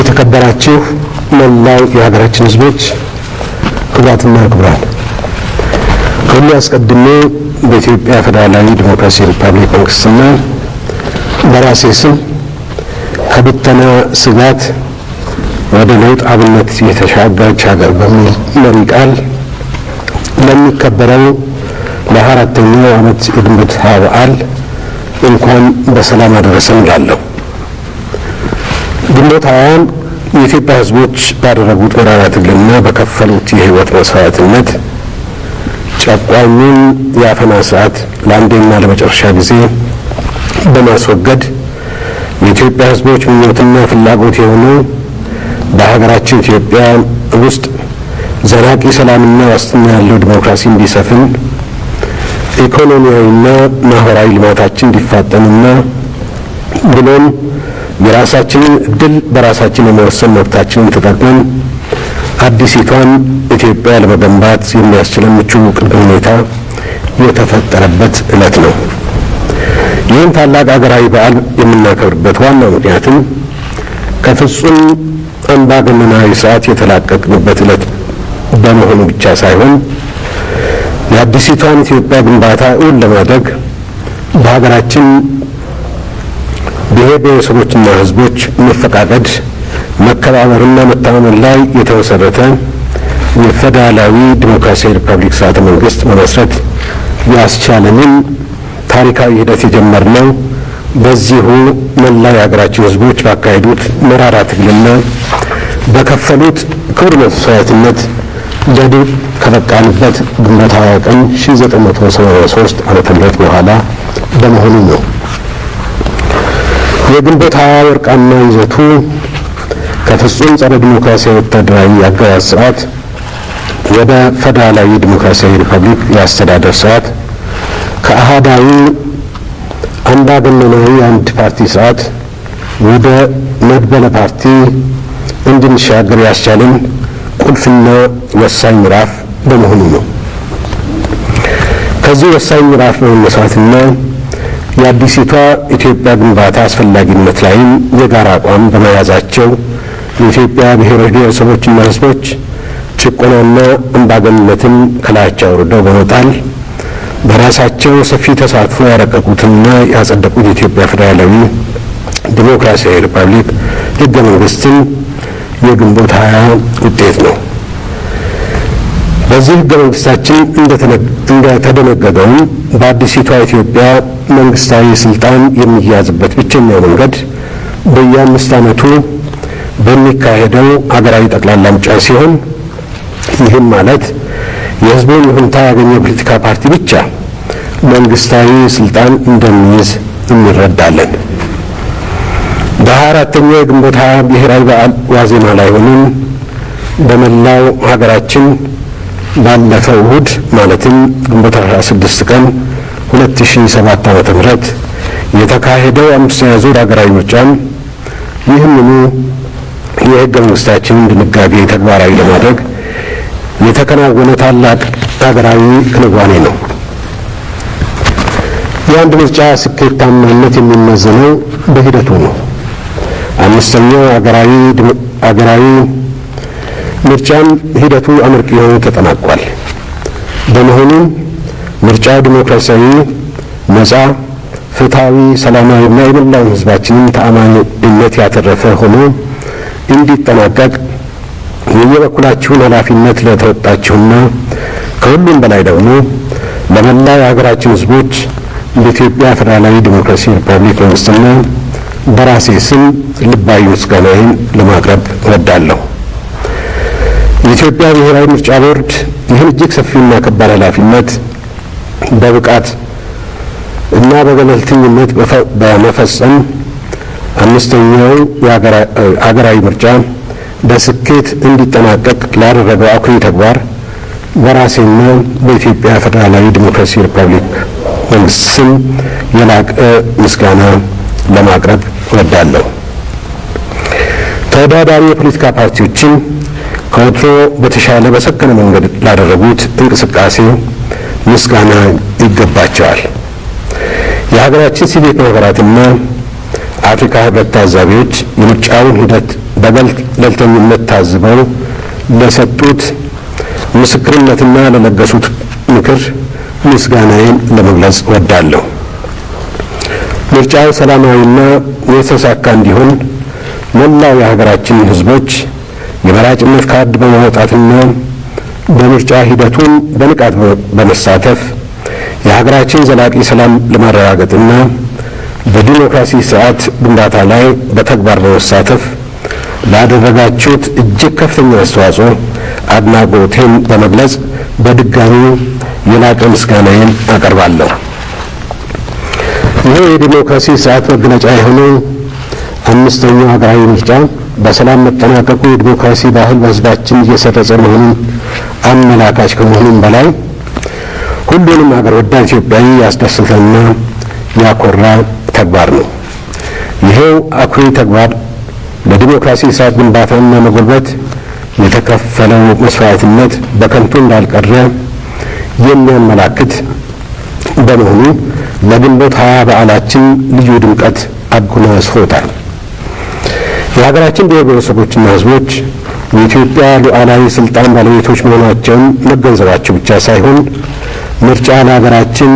የተከበራችሁ መላው የሀገራችን ህዝቦች ክቡራትና ክቡራን፣ ከሁሉ አስቀድሜ በኢትዮጵያ ፌዴራላዊ ዲሞክራሲ ሪፐብሊክ መንግስትና በራሴ ስም ከብተና ስጋት ወደ ለውጥ አብነት የተሻገረች ሀገር በሚል መሪ ቃል ለሚከበረው ለአራተኛው ዓመት የግንቦት ሃያ በዓል እንኳን በሰላም አደረሰን እላለሁ። ግንቦት ሃያን የኢትዮጵያ ህዝቦች ባደረጉት ወራራ ትግልና በከፈሉት የህይወት መስዋዕትነት ጨቋኙን የአፈና ስርዓት ለአንዴና ለመጨረሻ ጊዜ በማስወገድ የኢትዮጵያ ህዝቦች ምኞትና ፍላጎት የሆኑ በሀገራችን ኢትዮጵያ ውስጥ ዘላቂ ሰላምና ዋስትና ያለው ዲሞክራሲ እንዲሰፍን ኢኮኖሚያዊና ማህበራዊ ልማታችን እንዲፋጠንና ብሎም የራሳችንን እድል በራሳችን የመወሰን መብታችንን ተጠቅመን አዲሲቷን ኢትዮጵያ ለመገንባት የሚያስችለን ምቹ ቅድመ ሁኔታ የተፈጠረበት ዕለት ነው። ይህን ታላቅ አገራዊ በዓል የምናከብርበት ዋናው ምክንያትም ከፍጹም አምባገነናዊ ስርዓት የተላቀቅንበት ዕለት በመሆኑ ብቻ ሳይሆን የአዲሲቷን ኢትዮጵያ ግንባታ እውን ለማድረግ በሀገራችን ብሔር ብሔረሰቦችና ህዝቦች መፈቃቀድ መከባበርና መተማመን ላይ የተመሰረተ የፌዴራላዊ ዲሞክራሲያዊ ሪፐብሊክ ስርዓተ መንግስት መመስረት ያስቻለንን ታሪካዊ ሂደት የጀመርነው በዚሁ መላው የሀገራችን ህዝቦች ባካሄዱት መራራ ትግልና በከፈሉት ክብር መስዋዕትነት ለድል ከበቃንበት ግንቦት 20 ቀን 1983 ዓ.ም በኋላ በመሆኑ ነው። የግንቦት ሀያ ወርቃማ ይዘቱ ከፍጹም ጸረ ዲሞክራሲያዊ ወታደራዊ አገዛዝ ስርዓት ወደ ፌዴራላዊ ዲሞክራሲያዊ ሪፐብሊክ የአስተዳደር ስርዓት ከአህዳዊ አምባገነናዊ አንድ ፓርቲ ስርዓት ወደ መድበለ ፓርቲ እንድንሻገር ያስቻልን ቁልፍና ወሳኝ ምዕራፍ በመሆኑ ነው። ከዚህ ወሳኝ ምዕራፍ በመነሳትና የአዲሲቷ ኢትዮጵያ ግንባታ አስፈላጊነት ላይም የጋራ አቋም በመያዛቸው የኢትዮጵያ ብሔሮች፣ ብሔረሰቦችና ሕዝቦች ጭቆናና አምባገነንነትን ከላያቸው አውርደው በመጣል በራሳቸው ሰፊ ተሳትፎ ያረቀቁትና ያጸደቁት የኢትዮጵያ ፌዴራላዊ ዲሞክራሲያዊ ሪፐብሊክ ህገ መንግስትን የግንቦት ሀያ ውጤት ነው። በዚህ ህገ መንግስታችን እንደተደነገገውም በአዲሲቷ ኢትዮጵያ መንግስታዊ ስልጣን የሚያዝበት ብቸኛው መንገድ በየአምስት ዓመቱ በሚካሄደው አገራዊ ጠቅላላ ምርጫ ሲሆን ይህም ማለት የህዝቡን ይሁንታ ያገኘ ፖለቲካ ፓርቲ ብቻ መንግስታዊ ስልጣን እንደሚይዝ እንረዳለን። በሀያ አራተኛው የግንቦት ሀያ ብሔራዊ በዓል ዋዜማ ላይ ሆነን በመላው ሀገራችን ባለፈው እሁድ ማለትም ግንቦት 16 ቀን 2007 ዓ.ም የተካሄደው አምስተኛ ዙር ሀገራዊ ምርጫም ይህንኑ የህገ መንግስታችንን ድንጋጌ ተግባራዊ ለማድረግ የተከናወነ ታላቅ ሀገራዊ ክንዋኔ ነው። የአንድ ምርጫ ስኬታማነት የሚመዘነው በሂደቱ ነው። አምስተኛው ሀገራዊ ምርጫም ሂደቱ አመርቂ ሆኖ ተጠናቋል። በመሆኑም ምርጫው ዲሞክራሲያዊ፣ ነጻ፣ ፍትሐዊ፣ ሰላማዊና የመላውን ህዝባችንን ተአማኒነት ያተረፈ ሆኖ እንዲጠናቀቅ የየበኩላችሁን ኃላፊነት ለተወጣችሁና ከሁሉም በላይ ደግሞ ለመላ የሀገራችን ህዝቦች በኢትዮጵያ ፌዴራላዊ ዲሞክራሲ ሪፐብሊክ መንግስትና በራሴ ስም ልባዊ ምስጋናዬን ለማቅረብ እወዳለሁ። የኢትዮጵያ ብሔራዊ ምርጫ ቦርድ ይህን እጅግ ሰፊና ከባድ ኃላፊነት በብቃት እና በገለልተኝነት በመፈጸም አምስተኛው የሀገራዊ ምርጫ በስኬት እንዲጠናቀቅ ላደረገው አኩሪ ተግባር በራሴና በኢትዮጵያ ፌዴራላዊ ዲሞክራሲ ሪፐብሊክ መንግስት ስም የላቀ ምስጋና ለማቅረብ እወዳለሁ። ተወዳዳሪ የፖለቲካ ፓርቲዎችን ከወትሮ በተሻለ በሰከነ መንገድ ላደረጉት እንቅስቃሴ ምስጋና ይገባቸዋል። የሀገራችን ሲቪክ ማህበራትና አፍሪካ ህብረት ታዛቢዎች የምርጫውን ሂደት በገለልተኝነት ታዝበው ለሰጡት ምስክርነትና ለለገሱት ምክር ምስጋናዬን ለመግለጽ ወዳለሁ። ምርጫው ሰላማዊና የተሳካ እንዲሆን መላው የሀገራችን ህዝቦች የመራጭነት ካርድ በማውጣትና በምርጫ ሂደቱን በንቃት በመሳተፍ የሀገራችን ዘላቂ ሰላም ለማረጋገጥና በዲሞክራሲ ስርዓት ግንባታ ላይ በተግባር በመሳተፍ ላደረጋችሁት እጅግ ከፍተኛ አስተዋጽኦ አድናቆቴን በመግለጽ በድጋሚ የላቀ ምስጋናዬን አቀርባለሁ። ይህ የዲሞክራሲ ስርዓት መገለጫ የሆነው አምስተኛው ሀገራዊ ምርጫ በሰላም መጠናቀቁ የዲሞክራሲ ባህል በህዝባችን እየሰረጸ መሆኑን አመላካች ከመሆኑም በላይ ሁሉንም ሀገር ወዳድ ኢትዮጵያዊ ያስደሰተና ያኮራ ተግባር ነው። ይሄው አኩሪ ተግባር ለዲሞክራሲ ስርዓት ግንባታና መጎልበት የተከፈለው መስዋዕትነት በከንቱ እንዳልቀረ የሚያመላክት በመሆኑ ለግንቦት ሀያ በዓላችን ልዩ ድምቀት አጎናጽፎታል። የሀገራችን ብሔር ብሔረሰቦችና ህዝቦች የኢትዮጵያ ሉዓላዊ ስልጣን ባለቤቶች መሆናቸውን መገንዘባቸው ብቻ ሳይሆን ምርጫ ለሀገራችን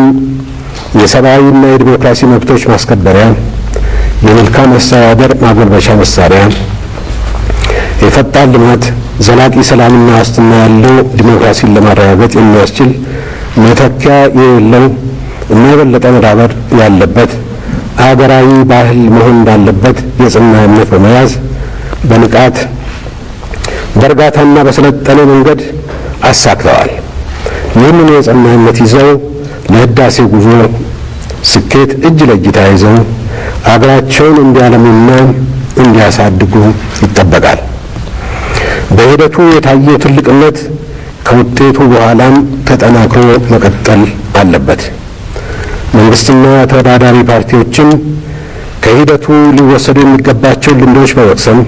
የሰብአዊና የዲሞክራሲ መብቶች ማስከበሪያ፣ የመልካም አስተዳደር ማጎልበሻ መሳሪያ፣ የፈጣን ልማት፣ ዘላቂ ሰላምና ዋስትና ያለው ዲሞክራሲን ለማረጋገጥ የሚያስችል መተኪያ የሌለው እና የበለጠ መዳበር ያለበት አገራዊ ባህል መሆን እንዳለበት የጽና እምነት በመያዝ በንቃት በእርጋታና በሰለጠነ መንገድ አሳክተዋል። ይህንን የጽና እምነት ይዘው ለህዳሴ ጉዞ ስኬት እጅ ለእጅ ተያይዘው አገራቸውን እንዲያለሙና እንዲያሳድጉ ይጠበቃል። በሂደቱ የታየው ትልቅነት ከውጤቱ በኋላም ተጠናክሮ መቀጠል አለበት። መንግስትና ተወዳዳሪ ፓርቲዎችን ከሂደቱ ሊወሰዱ የሚገባቸውን ልምዶች በመቅሰም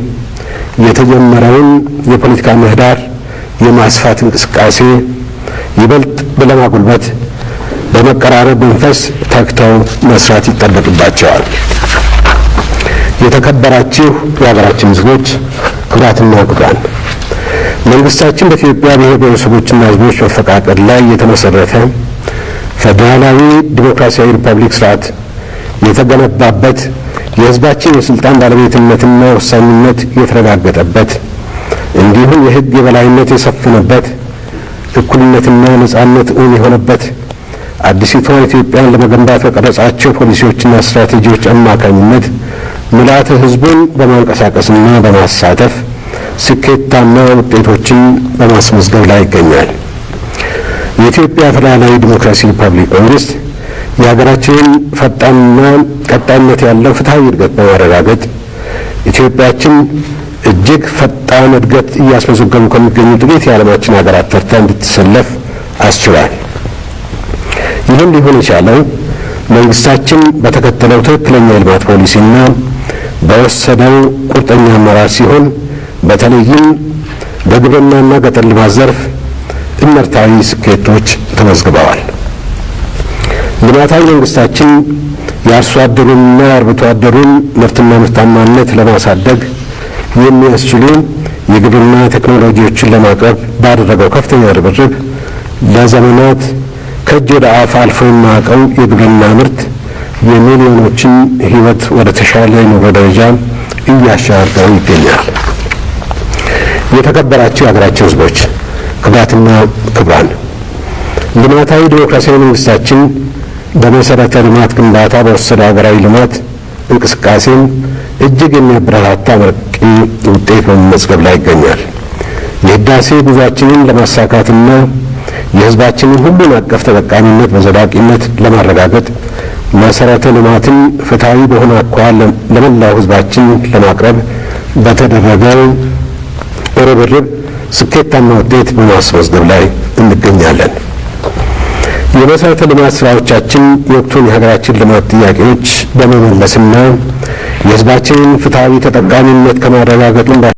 የተጀመረውን የፖለቲካ ምህዳር የማስፋት እንቅስቃሴ ይበልጥ ብለማጉልበት በመቀራረብ መንፈስ ተግተው መስራት ይጠበቅባቸዋል። የተከበራችሁ የሀገራችን ህዝቦች፣ ኩራትና ክቡራን፣ መንግስታችን በኢትዮጵያ ብሔር ብሔረሰቦችና ህዝቦች መፈቃቀድ ላይ የተመሰረተ ፌዴራላዊ ዲሞክራሲያዊ ሪፐብሊክ ስርዓት የተገነባበት የህዝባችን የስልጣን ባለቤትነትና ወሳኝነት የተረጋገጠበት እንዲሁም የህግ የበላይነት የሰፈነበት እኩልነትና ነጻነት እውን የሆነበት አዲሲቷ ኢትዮጵያን ለመገንባት በቀረጻቸው ፖሊሲዎችና ስትራቴጂዎች አማካኝነት ምልአተ ህዝቡን በማንቀሳቀስና በማሳተፍ ስኬታማ ውጤቶችን በማስመዝገብ ላይ ይገኛል። የኢትዮጵያ ፌዴራላዊ ዲሞክራሲ ሪፐብሊክ መንግስት የሀገራችንን ፈጣንና ቀጣይነት ያለው ፍትሐዊ እድገት በማረጋገጥ ኢትዮጵያችን እጅግ ፈጣን እድገት እያስመዘገቡ ከሚገኙ ጥቂት የዓለማችን ሀገራት ተርታ እንድትሰለፍ አስችሏል። ይህም ሊሆን የቻለው መንግስታችን በተከተለው ትክክለኛ የልማት ፖሊሲና በወሰደው ቁርጠኛ አመራር ሲሆን በተለይም በግብርናና ገጠር ልማት ዘርፍ እመርታዊ ስኬቶች ተመዝግበዋል። ልማታዊ መንግስታችን የአርሶ አደሩንና የአርብቶ አደሩን ምርትና ምርታማነት ለማሳደግ የሚያስችሉ የግብርና ቴክኖሎጂዎችን ለማቅረብ ባደረገው ከፍተኛ ርብርብ ለዘመናት ከእጅ ወደ አፍ አልፎ የማያውቀው የግብርና ምርት የሚሊዮኖችን ሕይወት ወደ ተሻለ ኑሮ ደረጃ እያሻገረው ይገኛል። የተከበራቸው የሀገራቸው ሕዝቦች ክብራትና ክብራን ልማታዊ ዴሞክራሲያዊ መንግስታችን በመሰረተ ልማት ግንባታ በወሰደ ሀገራዊ ልማት እንቅስቃሴም እጅግ የሚያበረታታ በቂ ውጤት በመመዝገብ ላይ ይገኛል። የህዳሴ ጉዟችንን ለማሳካትና የህዝባችንን ሁሉን አቀፍ ተጠቃሚነት በዘላቂነት ለማረጋገጥ መሰረተ ልማትን ፍትሐዊ በሆነ አኳኋን ለመላው ህዝባችን ለማቅረብ በተደረገው ርብርብ ስኬታማ ውጤት በማስመዝገብ ላይ እንገኛለን። የመሰረተ ልማት ስራዎቻችን የወቅቱን የሀገራችን ልማት ጥያቄዎች በመመለስና የሕዝባችንን ፍትሐዊ ተጠቃሚነት ከማረጋገጥ